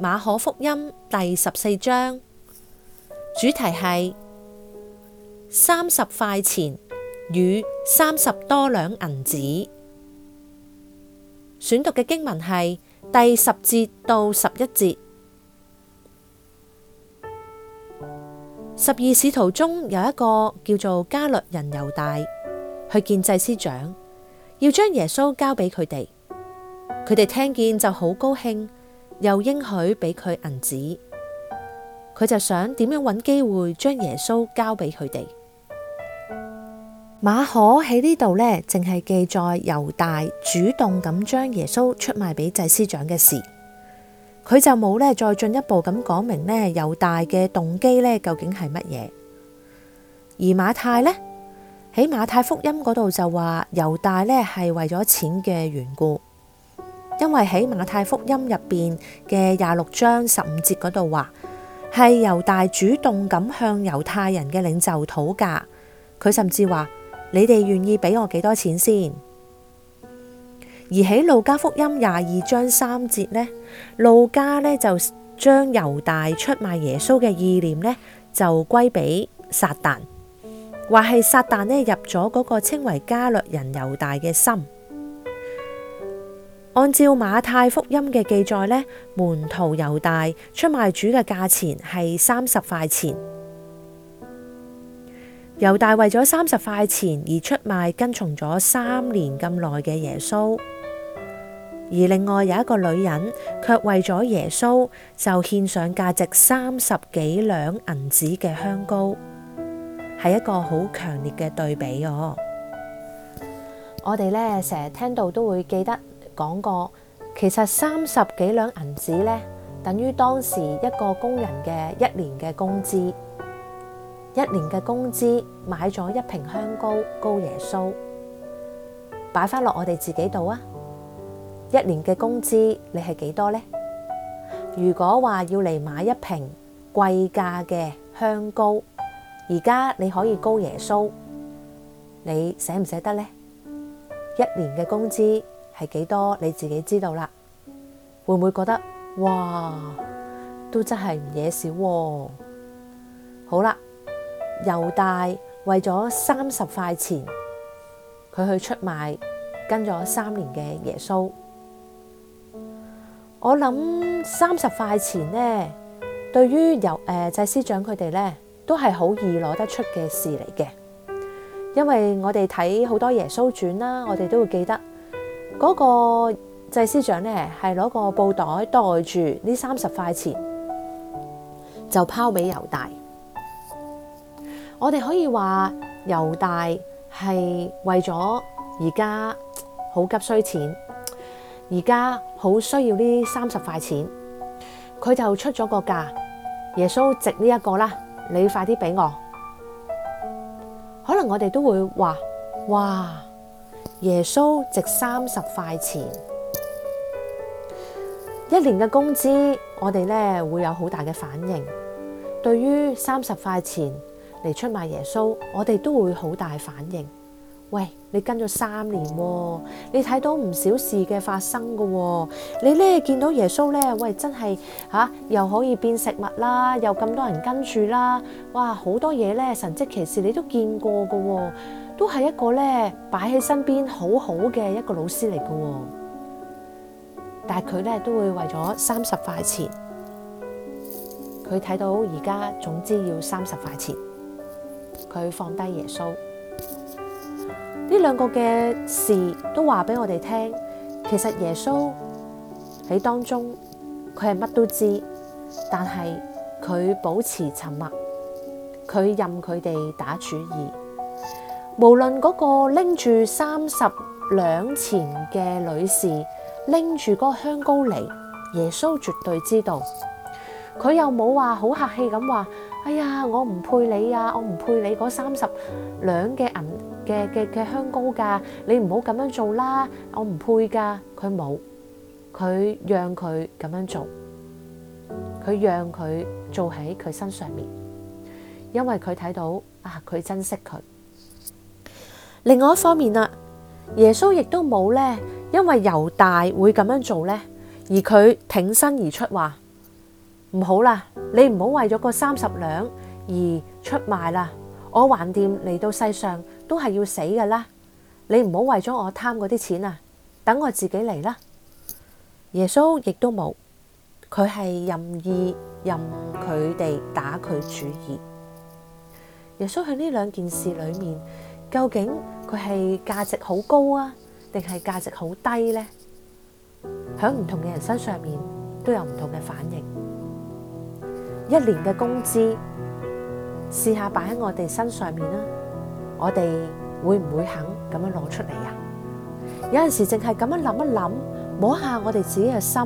馬可福音第十四章，主題係三十塊錢與三十多兩銀子。選讀嘅經文係第十節到十一節。十二使徒中有一個叫做加略人猶大，去見祭司長，要將耶穌交俾佢哋。佢哋聽見就好高興。又應許俾佢銀紙，佢就想點樣搵機會將耶穌交俾佢哋。馬可喺呢度呢，淨係記載猶大主動咁將耶穌出賣俾祭司長嘅事，佢就冇呢再進一步咁講明呢猶大嘅動機呢究竟係乜嘢。而馬太呢，喺馬太福音嗰度就話猶大呢係為咗錢嘅緣故。因為喺馬太福音入邊嘅廿六章十五節嗰度話，係猶大主動咁向猶太人嘅領袖討價，佢甚至話：你哋願意俾我幾多錢先？而喺路加福音廿二章三節呢，路加呢就將猶大出賣耶穌嘅意念呢，就歸俾撒旦，話係撒旦呢入咗嗰個稱為加略人猶大嘅心。按照馬太福音嘅記載呢，門徒猶大出賣主嘅價錢係三十塊錢。猶大為咗三十塊錢而出賣跟從咗三年咁耐嘅耶穌，而另外有一個女人卻為咗耶穌就獻上價值三十幾兩銀子嘅香膏，係一個好強烈嘅對比哦。我哋呢成日聽到都會記得。講過，其實三十幾兩銀子呢，等於當時一個工人嘅一年嘅工資。一年嘅工資買咗一瓶香膏，膏耶穌擺翻落我哋自己度啊！一年嘅工資你係幾多呢？如果話要嚟買一瓶貴價嘅香膏，而家你可以膏耶穌，你捨唔捨得呢？一年嘅工資。係幾多？你自己知道啦。會唔會覺得哇？都真係唔嘢少喎。好啦，猶大為咗三十塊錢，佢去出賣跟咗三年嘅耶穌。我諗三十塊錢呢，對於猶誒、呃、祭司長佢哋呢，都係好易攞得出嘅事嚟嘅，因為我哋睇好多耶穌傳啦，我哋都會記得。嗰個祭司長咧，係攞個布袋袋住呢三十塊錢，就拋俾猶大。我哋可以話猶大係為咗而家好急需錢，而家好需要呢三十塊錢，佢就出咗個價，耶穌值呢一個啦，你快啲俾我。可能我哋都會話，哇！耶穌值三十塊錢，一年嘅工資，我哋咧會有好大嘅反應。對於三十塊錢嚟出賣耶穌，我哋都會好大反應。喂，你跟咗三年、哦，你睇到唔少事嘅發生噶、哦，你咧見到耶穌咧，喂，真係吓、啊、又可以變食物啦，又咁多人跟住啦，哇，好多嘢咧神蹟奇事你都見過噶、哦。都係一個呢擺喺身邊好好嘅一個老師嚟㗎喎，但係佢呢都會為咗三十塊錢，佢睇到而家總之要三十塊錢，佢放低耶穌呢兩個嘅事都話俾我哋聽。其實耶穌喺當中，佢係乜都知，但係佢保持沉默，佢任佢哋打主意。無論嗰個拎住三十兩錢嘅女士拎住嗰香膏嚟，耶穌絕對知道，佢又冇話好客氣咁話。哎呀，我唔配你啊，我唔配你嗰三十兩嘅銀嘅嘅嘅香膏噶，你唔好咁樣做啦，我唔配噶。佢冇佢讓佢咁樣做，佢讓佢做喺佢身上面，因為佢睇到啊，佢珍惜佢。另外一方面啦，耶穌亦都冇咧，因為猶大會咁樣做咧，而佢挺身而出話：唔好啦，你唔好為咗個三十兩而出賣啦，我橫掂嚟到世上都係要死噶啦，你唔好為咗我貪嗰啲錢啊，等我自己嚟啦。耶穌亦都冇，佢係任意任佢哋打佢主意。耶穌喺呢兩件事裏面。究竟佢係價值好高啊，定係價值好低咧？響唔同嘅人身上面都有唔同嘅反應。一年嘅工資試下擺喺我哋身上面啦，我哋會唔會肯咁樣攞出嚟啊？有陣時淨係咁樣諗一諗，摸下我哋自己嘅心，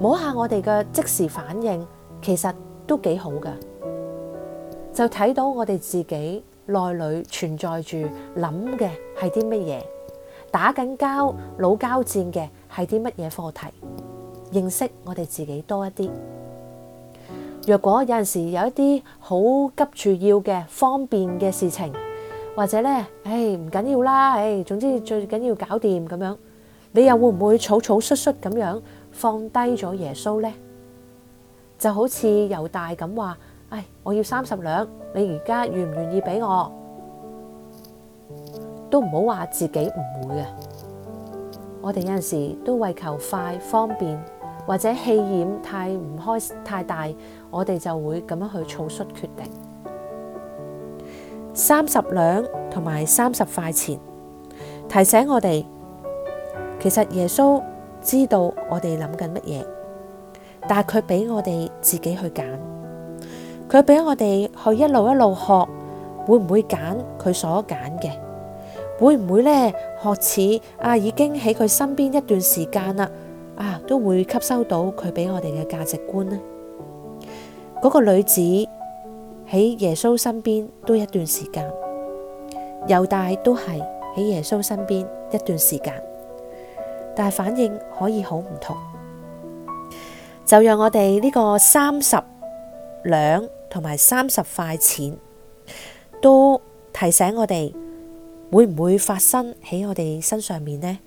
摸下我哋嘅即時反應，其實都幾好噶，就睇到我哋自己。內裏存在住諗嘅係啲乜嘢？打緊交老交戰嘅係啲乜嘢課題？認識我哋自己多一啲。若果有陣時有一啲好急住要嘅方便嘅事情，或者咧，唉唔緊要啦，唉總之最緊要搞掂咁樣，你又會唔會草草率率咁樣放低咗耶穌呢？就好似猶大咁話。哎，我要三十兩，你而家願唔願意俾我？都唔好話自己唔會啊。我哋有陣時都為求快方便，或者氣焰太唔開太大，我哋就會咁樣去草率決定。三十兩同埋三十塊錢，提醒我哋，其實耶穌知道我哋諗緊乜嘢，但係佢俾我哋自己去揀。佢俾我哋去一路一路學會會，會唔會揀佢所揀嘅？會唔會呢？學似啊？已經喺佢身邊一段時間啦，啊，都會吸收到佢俾我哋嘅價值觀呢。嗰、那個女子喺耶穌身邊都一段時間，猶大都係喺耶穌身邊一段時間，但係反應可以好唔同。就讓我哋呢個三十兩。同埋三十塊錢都提醒我哋，會唔會發生喺我哋身上面呢？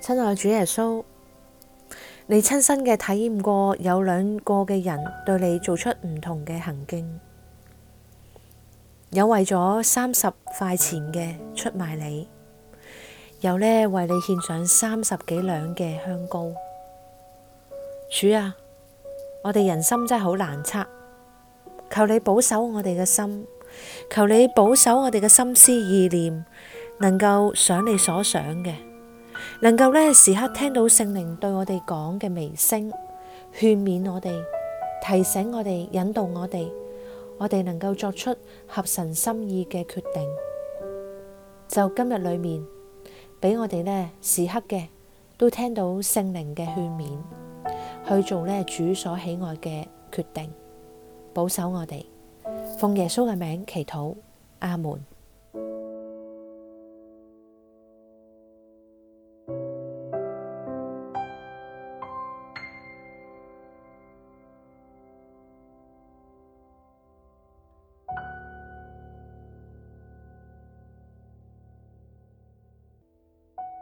親愛主耶穌，你親身嘅體驗過有兩個嘅人對你做出唔同嘅行徑，有為咗三十塊錢嘅出賣你，有呢為你獻上三十幾兩嘅香膏。主啊，我哋人心真係好難測，求你保守我哋嘅心，求你保守我哋嘅心思意念，能夠想你所想嘅。能夠呢時刻聽到聖靈對我哋講嘅微聲，勸勉我哋，提醒我哋，引導我哋，我哋能夠作出合神心意嘅決定。就今日裏面，俾我哋呢時刻嘅都聽到聖靈嘅勸勉，去做呢主所喜愛嘅決定，保守我哋，奉耶穌嘅名祈禱，阿門。